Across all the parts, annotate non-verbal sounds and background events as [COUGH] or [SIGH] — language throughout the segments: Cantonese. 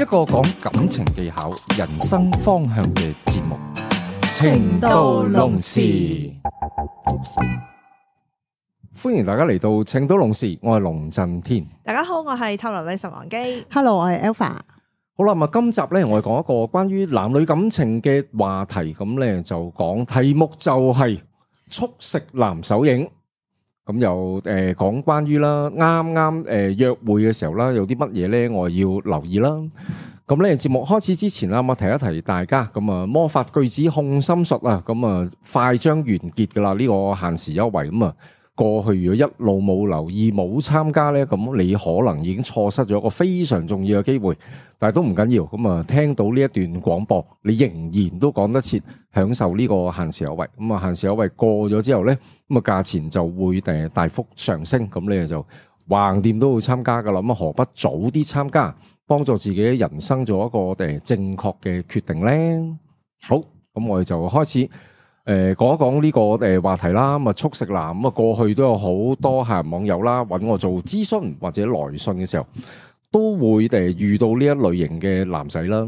一個講感情技巧、人生方向嘅節目，《情都濃事》歡迎大家嚟到《情都濃事》，我係龍震天。大家好，我係透羅李神王基。Hello，我係 Alpha。好啦，啊，今集咧我哋講一個關於男女感情嘅話題，咁咧就講題目就係速食男手影。咁又誒，講關於啦，啱啱誒約會嘅時候啦，有啲乜嘢咧，我又要留意啦。咁呢節目開始之前啦，我提一提大家，咁啊魔法句子控心術啊，咁啊快將完結噶啦，呢個限時優惠咁啊。過去如果一路冇留意冇參加咧，咁你可能已經錯失咗個非常重要嘅機會。但係都唔緊要，咁啊聽到呢一段廣播，你仍然都講得切，享受呢個限時優惠。咁、嗯、啊，限時優惠過咗之後咧，咁啊價錢就會誒大幅上升。咁你啊就橫掂都會參加噶啦。咁何不早啲參加，幫助自己人生做一個誒正確嘅決定咧？好，咁我哋就開始。誒，講一講呢個誒話題啦，咁啊速食男，咁啊過去都有好多客人網友啦，搵我做諮詢或者來信嘅時候，都會誒遇到呢一類型嘅男仔啦。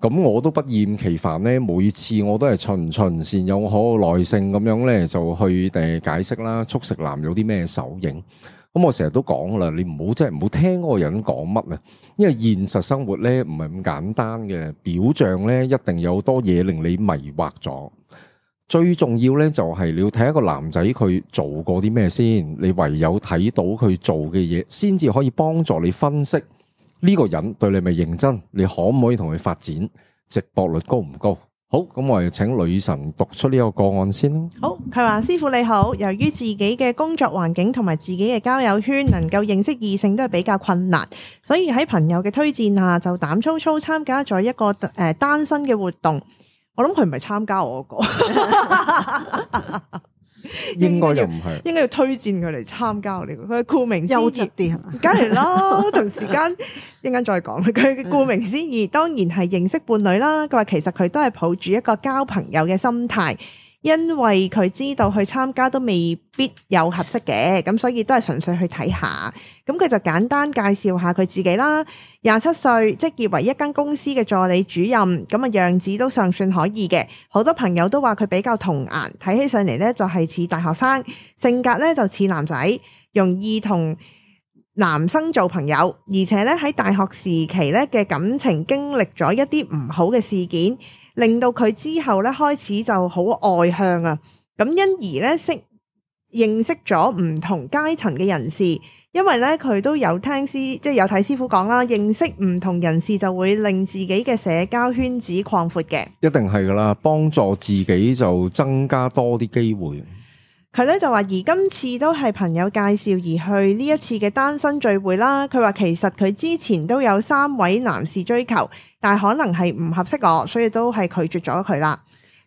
咁我都不厭其煩咧，每次我都係循循善誘、好耐性咁樣咧，就去誒解釋啦。速食男有啲咩手影？咁我成日都講啦，你唔好即係唔好聽嗰個人講乜啊，因為現實生活咧唔係咁簡單嘅，表象咧一定有好多嘢令你迷惑咗。最重要咧，就係你要睇一個男仔佢做過啲咩先，你唯有睇到佢做嘅嘢，先至可以幫助你分析呢個人對你咪認真，你可唔可以同佢發展，值博率高唔高？好，咁我哋請女神讀出呢一個個案先啦。好，佢話，師傅你好，由於自己嘅工作環境同埋自己嘅交友圈，能夠認識異性都係比較困難，所以喺朋友嘅推薦下，就膽粗粗參加咗一個誒、呃、單身嘅活動。我諗佢唔係參加我，加我個， [LAUGHS] 應該就唔係，應該要推薦佢嚟參加呢個。佢顧名思義，速食啲係嘛，梗係啦，同時間一陣間再講啦。佢嘅顧名思義當然係認識伴侶啦。佢話其實佢都係抱住一個交朋友嘅心態。因為佢知道去參加都未必有合適嘅，咁所以都係純粹去睇下。咁佢就簡單介紹下佢自己啦。廿七歲，職業為一間公司嘅助理主任，咁啊樣子都尚算可以嘅。好多朋友都話佢比較童顏，睇起上嚟咧就係似大學生，性格咧就似男仔，容易同男生做朋友，而且咧喺大學時期咧嘅感情經歷咗一啲唔好嘅事件，令到佢之後咧開始就好外向啊，咁因而咧識認識咗唔同階層嘅人士，因為咧佢都有聽師即係、就是、有睇師傅講啦，認識唔同人士就會令自己嘅社交圈子擴闊嘅，一定係噶啦，幫助自己就增加多啲機會。佢咧就話而今次都係朋友介紹而去呢一次嘅單身聚會啦。佢話其實佢之前都有三位男士追求，但係可能係唔合適我，所以都係拒絕咗佢啦。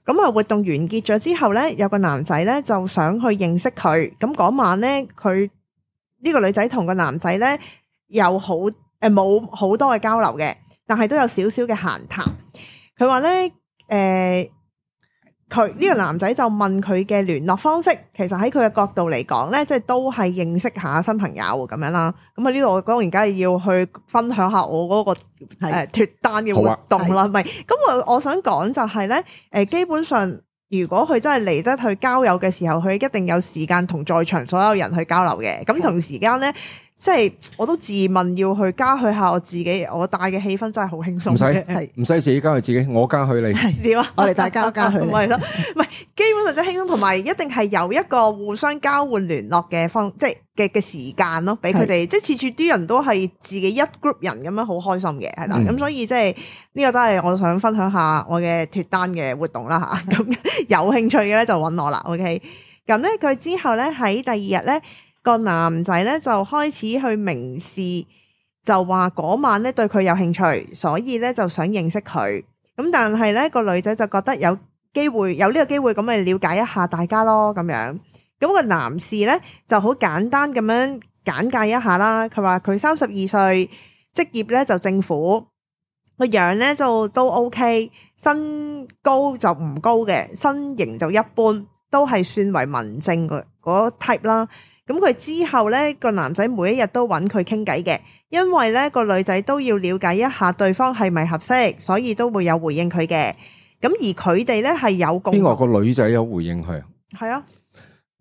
咁啊，活動完結咗之後呢，有個男仔呢就想去認識佢。咁嗰晚呢，佢呢個女仔同個男仔呢有好誒冇好多嘅交流嘅，但係都有少少嘅閒談。佢話呢。誒、呃。佢呢、嗯、個男仔就問佢嘅聯絡方式，其實喺佢嘅角度嚟講呢，即係都係認識下新朋友咁樣啦。咁啊，呢度我講而家要去分享下我嗰個誒脫單嘅活動啦，唔係，啊。咁我是、嗯、我想講就係，是，呢，誒基本上如果佢真係嚟得去交友嘅時候，佢一定有時間同在場所有人去交流嘅。咁同時間呢。即係我都自問要去加許下我自己，我帶嘅氣氛真係好輕鬆。唔使，唔使自己加許自己，我加許你。點啊？我哋大家加許，唔係咯？唔係，基本上即係輕鬆，同埋一定係有一個互相交換聯絡嘅方，即係嘅嘅時間咯，俾佢哋即係次處啲人都係自己一 group 人咁樣好開心嘅，係啦。咁、嗯、所以即係呢、這個都係我想分享下我嘅脫單嘅活動啦吓。咁 [LAUGHS] [LAUGHS] 有興趣嘅咧就揾我啦。OK，咁咧佢之後咧喺第二日咧。個男仔咧就開始去明示，就話嗰晚咧對佢有興趣，所以咧就想認識佢。咁但係咧個女仔就覺得有機會有呢個機會咁咪了解一下大家咯，咁樣。咁個男士咧就好簡單咁樣簡介一下啦。佢話佢三十二歲，職業咧就政府，個樣咧就都 OK，身高就唔高嘅，身形就一般，都係算為文靜嘅嗰 type 啦。咁佢之後呢個男仔每一日都揾佢傾偈嘅，因為呢個女仔都要了解一下對方係咪合適，所以都會有回應佢嘅。咁而佢哋呢係有共邊個個女仔有回應佢啊？係啊。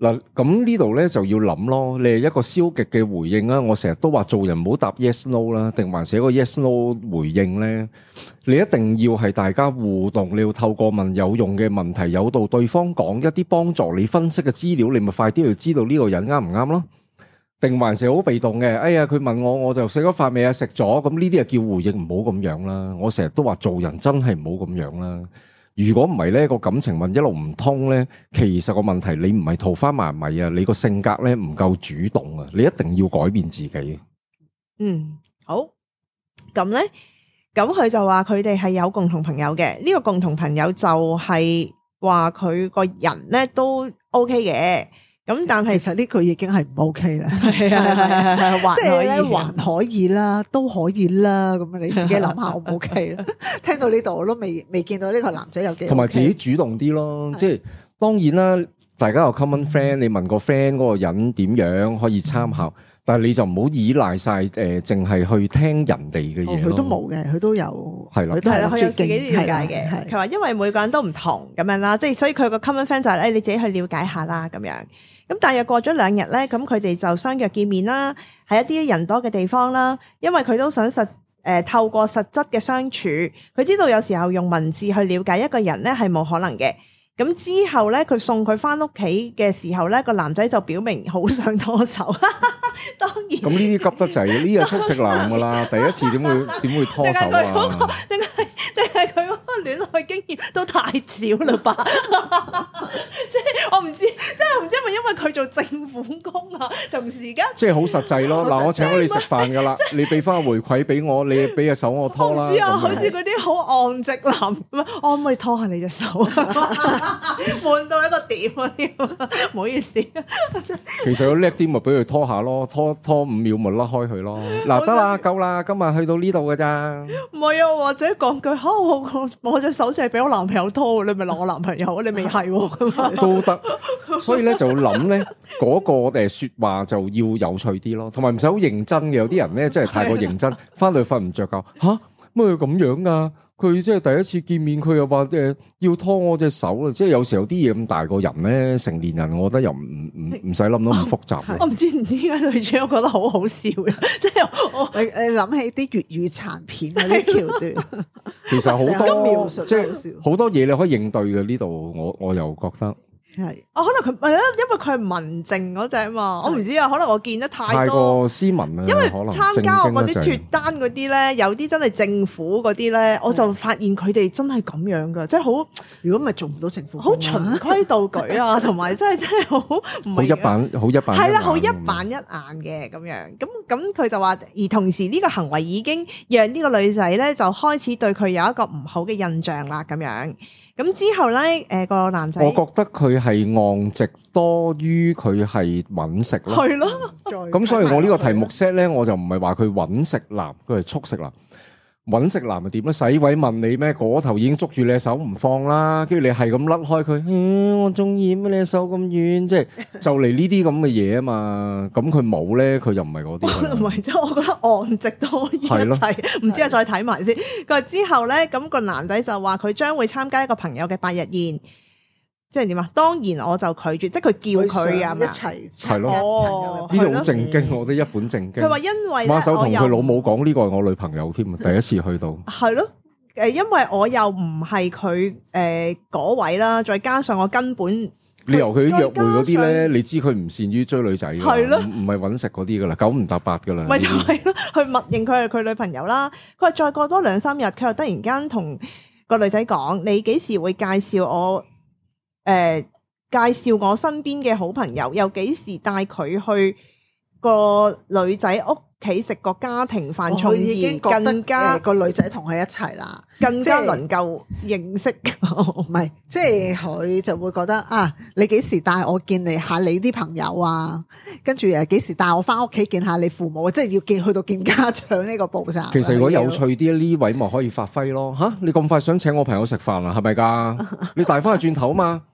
嗱，咁呢度咧就要諗咯。你係一個消極嘅回應啦，我成日都話做人唔好答 yes no 啦，定還係個 yes no 回應咧。你一定要係大家互動，你要透過問有用嘅問題，誘導對方講一啲幫助你分析嘅資料，你咪快啲去知道呢個人啱唔啱咯。定還是好被動嘅。哎呀，佢問我，我就食咗飯未啊？食咗。咁呢啲啊叫回應，唔好咁樣啦。我成日都話做人真係唔好咁樣啦。如果唔係呢，個感情運，一路唔通呢，其實個問題你唔係桃花埋咪啊，你個性格呢唔夠主動啊，你一定要改變自己。嗯，好。咁呢，咁佢就話佢哋係有共同朋友嘅，呢個共同朋友就係話佢個人呢都 OK 嘅。咁但係其實呢句已經係唔 OK 啦，係啊，即係咧還可以啦，可以都可以啦，咁 [LAUGHS] 你自己諗下 O 唔 OK？聽到呢度我都未未見到呢個男仔有幾多同埋自己主動啲咯，即係是的 當然啦，大家有 common friend，你問個 friend 嗰個人點樣可以參考。但係你就唔好依賴晒誒，淨係去聽人哋嘅嘢咯。佢都冇嘅，佢都有。係啦，係啦，佢有自己了解嘅。佢話因為每個人都唔同咁樣啦，即係所以佢個 common friend 就係，誒，你自己去了解下啦，咁樣。咁大約過咗兩日咧，咁佢哋就相約見面啦，喺一啲人多嘅地方啦。因為佢都想實誒透過實質嘅相處，佢知道有時候用文字去了解一個人咧係冇可能嘅。咁之後咧，佢送佢翻屋企嘅時候咧，個男仔就表明好想拖手。當然，咁呢啲急得滯，呢個速食男噶啦，第一次點會點 [LAUGHS] 會拖手啊？定係定係佢戀愛經驗都太少啦吧？ [LAUGHS] [LAUGHS] 即係我唔知，即係唔知係咪因為佢做政府工啊？同時間即係好實際咯。嗱，我請咗你食飯噶啦，是你俾翻個回饋俾我，你俾隻手我拖啦。唔知啊，好似嗰啲好昂直男咁啊，我唔可以拖下你隻手啊？ [LAUGHS] 悶 [LAUGHS] 到一個點，唔 [LAUGHS] 好意思。 [LAUGHS] 其實我叻啲咪俾佢拖下咯，拖拖五秒咪甩開佢咯。嗱得啦，夠啦、啊，今日去到呢度嘅咋？唔係啊，或者講句吓，我我隻手就係俾我男朋友拖，你咪鬧我男朋友， [LAUGHS] 你未係、啊？ [LAUGHS] 都得，所以咧就諗咧，嗰、那個誒說話就要有趣啲咯，同埋唔使好認真嘅，有啲人咧真係太過認真，翻 [LAUGHS] [LAUGHS] 去瞓唔着覺吓。咩咁樣㗎？佢即係第一次見面，佢又話誒、呃、要拖我隻手啊！即係有時候啲嘢咁大個人咧，成年人我覺得又唔唔唔唔使諗到咁複雜我。我唔知點解女主我覺得好好笑嘅， [LAUGHS] 即係我誒諗起啲粵語殘片嗰啲橋段。 [LAUGHS] 其實好多 [LAUGHS] 描述好笑即多即係好多嘢你可以應對嘅呢度，我我，我又覺得。係，哦，可能佢，係咯，因為佢係文靜嗰隻啊嘛，是我唔知啊，可能我見得太多，太過斯文啦。因為參加我哋脫單嗰啲咧，有啲真係政府嗰啲咧，嗯、我就發現佢哋真係咁樣噶，即係好，如果唔係做唔到政府，好循規蹈矩啊，同埋 [LAUGHS] 真係真係好唔係。好一板，好一板，係啦，好一板一眼嘅咁樣，咁咁佢就話，而同時呢個行為已經讓呢個女仔咧，就開始對佢有一個唔好嘅印象啦，咁樣。咁之後咧，誒、呃嗰個男仔，我覺得佢係戇直多於佢係揾食咯，係咯的。咁所以我呢個題目 set 咧， [LAUGHS] 我就唔係話佢揾食男，佢係速食男。搵食男咪點樣洗位問你咩？嗰、那個、頭已經捉住你手唔放啦，跟住你係咁甩開佢，哎，我中意咩？你手咁軟，即係就嚟呢啲咁嘅嘢啊嘛！咁佢冇咧，佢就唔係嗰啲。唔係， [LAUGHS] 即係我覺得岸直多於一切，唔的知啊，再睇埋先。佢話之後咧，咁、那個男仔就話佢將會參加一個朋友嘅百日宴。即係點啊？當然我就拒絕，即係佢叫佢啊，一齊。係咯，呢度好正經，我哋一本正經。佢話因為咧，我又馬手同佢老母講呢個係我女朋友添，第一次去到。係咯，誒，因為我又唔係佢誒嗰位啦，再加上我根本。由佢約會嗰啲咧，你知佢唔善於追女仔嘅，係咯，唔係搵食嗰啲噶啦，九唔搭八噶啦。咪就係咯，去默認佢係佢女朋友啦。佢話再過多兩三日，佢又突然間同個女仔講：你幾時會介紹我？誒、嗯，介紹我身邊嘅好朋友，又幾時帶佢去個女仔屋企食個家庭飯，從而更加,更加、呃、個女仔同佢一齊啦，更加是能夠認識，唔係，即係佢就會覺得啊，你幾時帶我見你下你啲朋友啊？跟住誒、啊，幾時帶我翻屋企見下你父母？即係要見去到見家長呢個步驟。其實如果有趣啲，呢要位咪可以發揮咯。吓，你咁快想請我朋友食飯啊？係咪噶？你帶翻去轉頭啊嘛？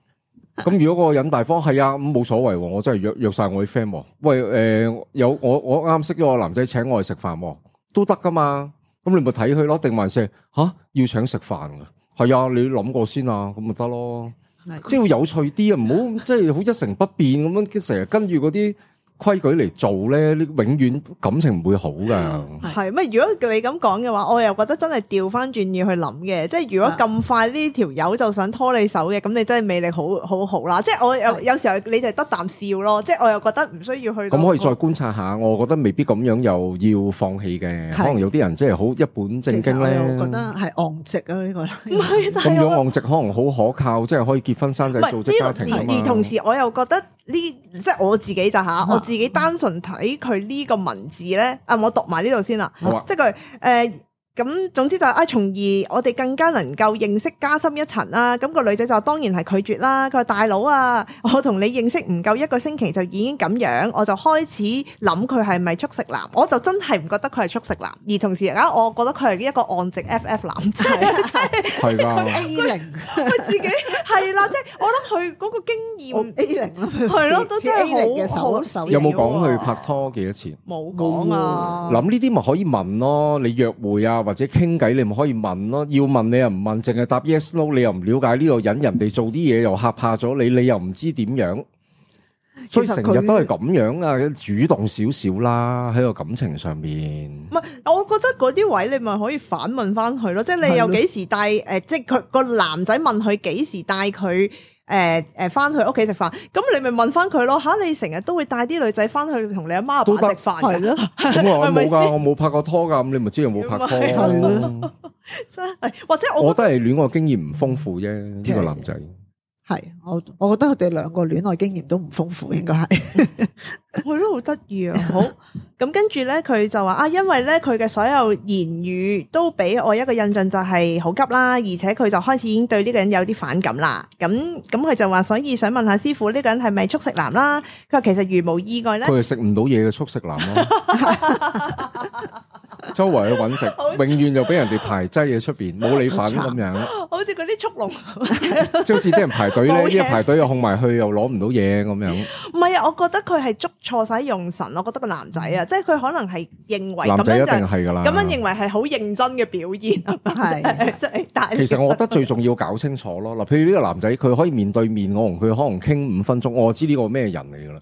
[LAUGHS] [LAUGHS] 咁如果個人大方，係啊，咁、嗯、冇所謂，我真係約約晒我啲 friend。喂，誒、呃，有我我啱識咗個男仔，請我去食飯，都得噶嘛。咁你咪睇佢咯，定還是吓、啊、要請食飯啊？係啊，你諗過先啊，咁咪得咯。即係會有趣啲啊，唔好即係好一成不變咁樣，成日跟住嗰啲。規矩嚟做呢，永遠感情唔會好噶。係，如果你咁講嘅話，我又覺得真係調翻轉去諗嘅。即係如果咁快呢條友就想拖你手嘅，咁你真係魅力好，好好好啦。即係我有的有時候你就得啖笑咯。即係我又覺得唔需要去、嗰個。咁可以再觀察下，我覺得未必咁樣又要放棄嘅。的可能有啲人即係好一本正經呢，我覺得係昂直啊呢、呢個。咁樣昂直可能好可靠，即係可以結婚生仔、組織是家庭。而而同時，我又覺得。呢即係我自己就吓，我自己單純睇佢呢個文字咧，啊，我讀埋呢度先啦，哇 即係佢誒。咁總之就啊，從而我哋更加能夠認識，加深一層啦、啊。咁、嗰個女仔就當然係拒絕啦。佢話大佬啊，我同你認識唔夠一個星期就已經咁樣，我就開始諗佢係咪速食男。我就真係唔覺得佢係速食男，而同時啊，我覺得佢係一個按職 F F 男，係佢 A 零，佢自己係啦，即係 [LAUGHS] 我諗佢嗰個經驗我 [LAUGHS] A 零係咯，都真係好好，有冇講佢拍拖幾多次？冇講啊。諗呢啲咪可以問咯，你約會啊？或者傾偈，你咪可以問咯。要問你又唔問，淨係答 yes no，你又唔了解呢個人，人哋做啲嘢又嚇怕咗你，你又唔知點樣。所以成日都係咁樣啊，主動少少啦，喺個感情上面。唔係，我覺得嗰啲位你咪可以反問翻佢咯，即係你又幾時帶？誒，即係佢個男仔問佢幾時帶佢。誒誒，翻去屋企食飯，咁你咪問翻佢咯嚇！你成日都會帶啲女仔翻去同你阿媽阿爸食飯，係咯行？ [LAUGHS] 我冇㗎， [LAUGHS] 我冇 [LAUGHS] 拍過拖㗎，咁你咪知道我冇拍拖咯？真係，或者我覺得係戀愛經驗唔豐富啫，呢 Okay. 個男仔。係我，我覺得佢哋兩個戀愛經驗都唔豐富，應該係，我都好得意啊。好，咁跟住咧，佢就話啊，因為咧，佢嘅所有言語都俾我一個印象，就係好急啦。而且佢就開始已經對呢個人有啲反感啦。咁咁，佢就話，所以想問下師傅，呢個人係咪速食男啦？佢話其實如無意外咧，佢係食唔到嘢嘅速食男咯。周圍去搵食，永遠就俾人哋排擠喺出邊，冇你份咁樣。好似嗰啲速龍，即好似啲人排隊咧，一排隊又控埋去，又攞唔到嘢咁樣。唔係啊，我覺得佢係捉錯晒用神，我覺得個男仔啊，即係佢可能係認為咁樣就，男仔一定係噶啦，咁樣認為係好認真嘅表現啊嘛，即係但其實我覺得最重要搞清楚咯。嗱，譬如呢個男仔，佢可以面對面我同佢可能傾五分鐘，我知呢個咩人嚟噶啦。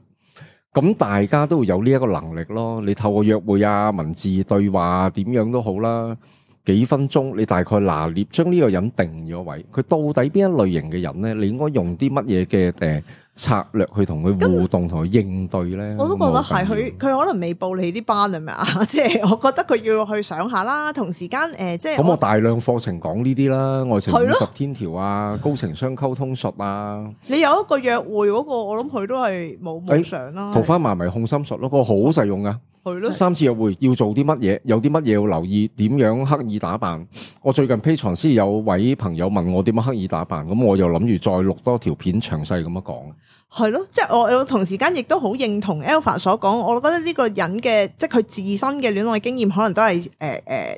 咁大家都會有呢一個能力咯，你透過約會啊、文字對話點樣都好啦。幾分鐘你大概拿捏將呢個人定咗位，佢到底邊一類型嘅人咧？你應該用啲乜嘢嘅誒策略去同佢互動同佢應對咧？我都覺得係佢，佢可能未報你啲班係咪啊？即係我覺得佢要去上下啦，同時間誒，即係咁我大量課程講呢啲啦，愛情五十天條啊，高情商溝通術啊，你有一個約會嗰個，我諗佢都係冇冇上啦，桃花萬迷控心術咯，嗰個好實用噶。三次約會要做啲乜嘢？有啲乜嘢要留意？點樣刻意打扮？我最近 Patreon 先有位朋友問我點樣刻意打扮，咁我又諗住再錄多條片詳細咁樣講。係咯，即係我我同時間亦都好認同 Alpha 所講，我覺得呢個人嘅即係佢自身嘅戀愛經驗，可能都係誒誒，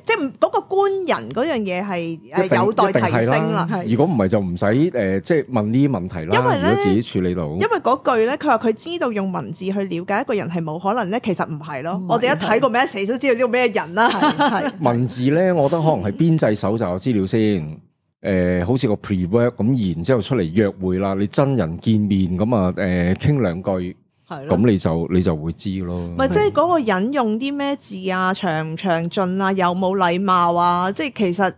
即係嗰個官人嗰樣嘢係誒有待提升啦。如果唔係就唔使誒即係問呢啲問題啦，要自己處理到。因為嗰句咧，佢話佢知道用文字去了解一個人係冇可能咧，其實唔係咯。我哋一睇過 message 都知道呢個咩人啦，啊。 [LAUGHS] 文字咧，我覺得可能係編製搜集資料先。誒、呃，好似個 prework 咁，work，然之後出嚟約會啦，你真人見面咁啊，誒、呃，傾兩句，咁是的 你就你就會知咯。唔係即係嗰個人用啲咩字啊，長唔長進啊，有冇禮貌啊？即係其實。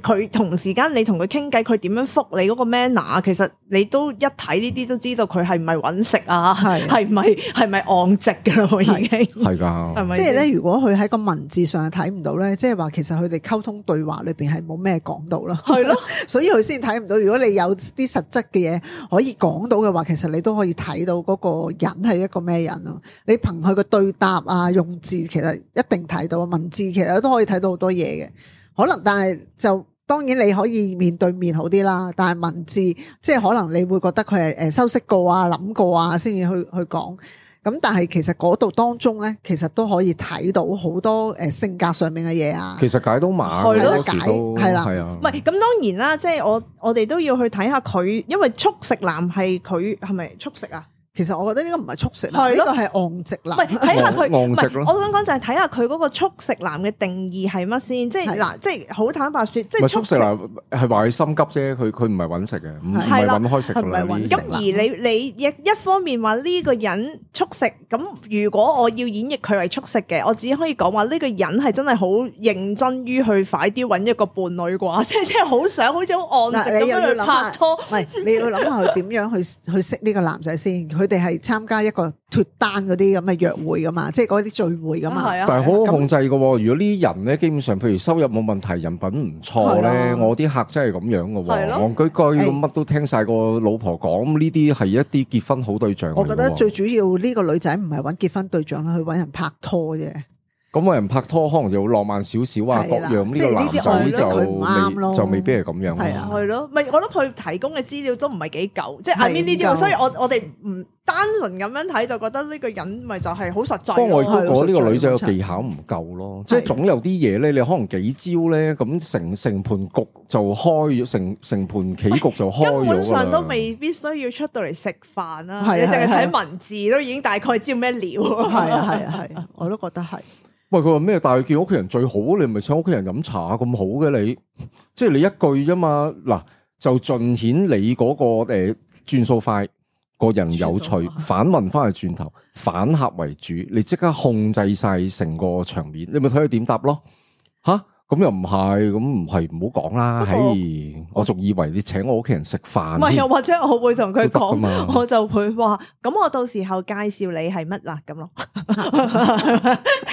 佢同時間你同佢傾偈，佢點樣覆你嗰個 manner？其實你都一睇呢啲都知道佢係唔係搵食啊？係係唔係係唔係昂直㗎啦？係係我已經係㗎，係咪？即係咧。如果佢喺個文字上係睇唔到咧，即係話其實佢哋溝通對話裏邊係冇咩講到咯，係咯。所以佢先睇唔到。如果你有啲實質嘅嘢可以講到嘅話，其實你都可以睇到嗰個人係一個咩人咯。你憑佢嘅對答啊、用字，其實一定睇到文字，其實都可以睇到好多嘢嘅。可能，但係就當然你可以面對面好啲啦。但係文字即係可能你會覺得佢係誒修飾過啊、諗過啊先至去去講。咁但係其實嗰度當中咧，其實都可以睇到好多誒、呃、性格上面嘅嘢啊。其實解都晚，好對多時都係啦。係解啊，唔係咁當然啦。即、就、係、是、我我哋都要去睇下佢，因為速食男係佢係咪速食啊？其實我覺得呢個唔係速食男，呢個係戇直男。唔係睇下佢戇直咯。我想講就係睇下佢嗰個速食男嘅定義係乜先，即係嗱，即係好坦白説，即係速食男係話佢心急啫，佢佢唔係揾食嘅，唔係揾開食。咁而你你一一方面話呢個人速食，咁如果我要演繹佢係速食嘅，我只可以講話呢個人係真係好認真於去快啲揾一個伴侶啩，即係即係好想好似好戇直咁樣去拍拖。唔係你要諗下佢點樣去去識呢個男仔先，佢哋係參加一個脫單嗰啲咁嘅約會噶嘛，即係嗰啲聚會噶嘛。啊啊、但係好好控制噶，如果呢啲人咧，基本上譬如收入冇問題，人品唔錯咧，啊、我啲客真係咁樣噶，戇、啊、居居咁乜都聽晒個老婆講，呢啲係一啲結婚好對象。我覺得最主要呢個女仔唔係揾結婚對象啦，係去揾人拍拖啫。咁個人拍拖可能就浪漫少少啊，各樣呢啲男仔就就未必係咁樣。係啊，係咯，咪我覺得佢提供嘅資料都唔係幾夠，即係阿 m 呢啲，所以我我哋唔單純咁樣睇就覺得呢個人咪就係好實在。不過我都覺得呢個女仔嘅技巧唔夠咯，即係總有啲嘢咧，你可能幾招咧，咁成成盤局就開，成成盤棋局就開咗啦。上都未必需要出到嚟食飯啦，係啊，淨係睇文字都已經大概知道咩料。係啊係啊係，我都覺得係。喂，佢話咩？但係叫屋企人最好，你唔係請屋企人飲茶咁好嘅你，即係你一句啫嘛。嗱，就盡顯你嗰個誒轉數快，個人有趣，反問翻去轉頭，反客為主，你即刻控制晒成個場面。你咪睇佢點答咯，吓？咁又唔係，咁唔係唔好講啦。我仲 Hey, 我以為你請我屋企人食飯，唔係又或者我會同佢講，我就會話，咁 [LAUGHS] 我到時候介紹你係乜啦咁咯。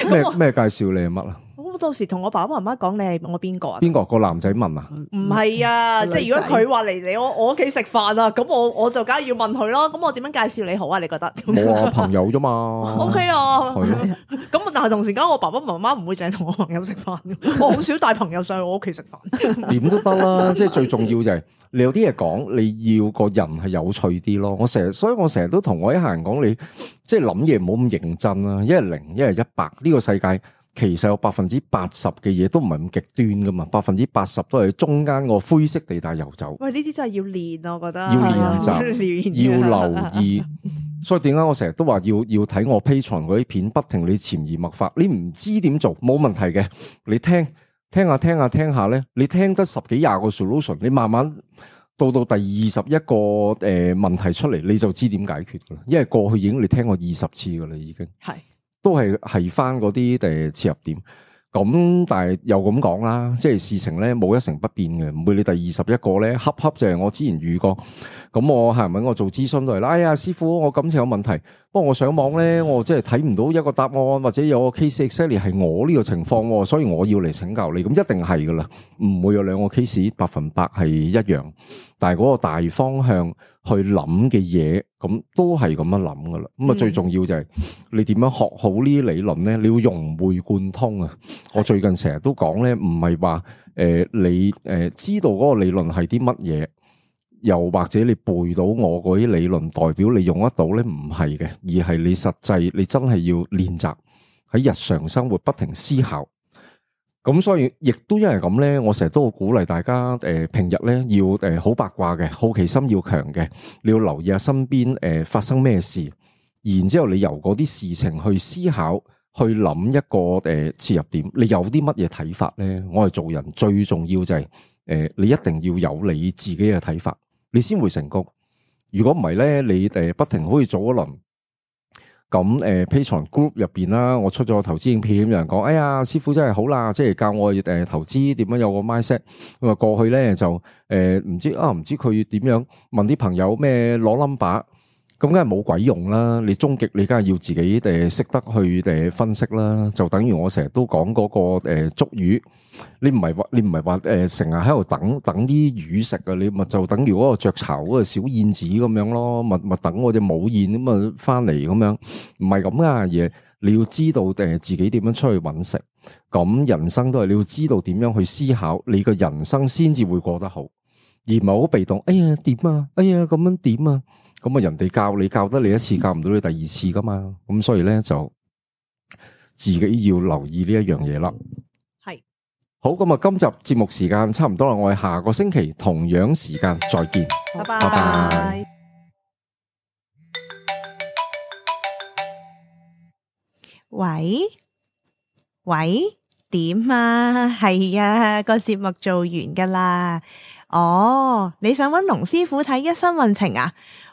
咩咩介紹你係乜啊？我到時同我爸爸媽媽講，你係我邊個啊？邊個個男仔問啊？唔係啊，即係如果佢話嚟你我我屋企食飯啊，咁我我就梗係要問佢咯。咁我點樣介紹你好啊？你覺得？冇話朋友啫嘛。O K 啊。咁但係同時間，我爸爸媽媽唔會淨係同我朋友食飯，好少帶朋友上去我屋企食飯。點都得啦，即係最重要就係你有啲嘢講，你要個人係有趣啲咯。我成日，所以我成日都同我一客人講，你即係諗嘢唔好咁認真啊。一係零，一係一百呢個世界。其實有百分之八十嘅嘢都唔係咁極端噶嘛，百分之八十都係中間個灰色地帶遊走。喂，呢啲真係要練，我覺得要練習， [LAUGHS] 要留意。 [LAUGHS] 所以點解我成日都話要要睇我 Patreon 嗰啲片，不停你潛移默化。你唔知點做，冇問題嘅。你聽聽下聽下聽下咧，你聽得十幾廿個 solution，你慢慢到到第二十一個誒問題出嚟，你就知點解決噶啦。因為過去已經你聽過二十次噶啦，已經係。都係係翻嗰啲誒切入點，咁但係又咁講啦，即係事情咧冇一成不變嘅，唔會你第二十一個咧，恰恰就係我之前遇過。咁我係咪我做諮詢都嚟？嗱，哎呀，師傅，我感情有問題。不過我上網咧，我真係睇唔到一個答案，或者有個 case exactly 係我呢個情況，所以我要嚟請教你。咁一定係噶啦，唔會有兩個 case 百分百係一樣，但係嗰個大方向去諗嘅嘢，咁都係咁樣諗噶啦。咁啊，最重要就係你點樣學好呢啲理論咧？你要融會貫通啊！我最近成日都講咧，唔係話誒你誒、呃、知道嗰個理論係啲乜嘢。又或者你背到我嗰啲理論代表你用得到咧？唔係嘅，而係你實際你真係要練習喺日常生活不停思考。咁所以亦都因為咁咧，我成日都好鼓勵大家誒、呃、平日咧要誒好、呃、八卦嘅，好奇心要強嘅，你要留意下身邊誒、呃、發生咩事，然之後你由嗰啲事情去思考，去諗一個誒、呃、切入點，你有啲乜嘢睇法咧？我係做人最重要就係誒你一定要有你自己嘅睇法。你先會成功，如果唔係咧，你誒不停可以做一輪，咁誒 Patreon group 入邊啦，我出咗投資影片，有人講，哎呀，師傅真係好啦，即係教我誒投資點樣有個 mindset 咁話過去咧就誒唔、呃、知啊，唔知佢要點樣問啲朋友咩攞 number。咁梗係冇鬼用啦！你終極你梗係要自己誒識得去誒分析啦。就等於我成日都講嗰個誒捉魚，你唔係你唔係話誒成日喺度等等啲魚食啊！你咪、呃、就等於嗰個雀巢嗰個小燕子咁樣咯，咪咪等我隻母燕咁啊翻嚟咁樣，唔係咁噶嘢。你要知道誒自己點樣出去搵食，咁人生都係你要知道點樣去思考你嘅人生先至會過得好，而唔係好被動。哎呀點啊！哎呀咁樣點啊！咁啊，人哋教你教得你一次，教唔到你第二次噶嘛。咁所以咧，就自己要留意呢一樣嘢啦。係是好，咁啊，今集節目時間差唔多啦，我哋下個星期同樣時間再見。拜拜。喂拜喂，點啊？係啊，個節目做完噶啦。哦，你想揾龍師傅睇一生運程啊？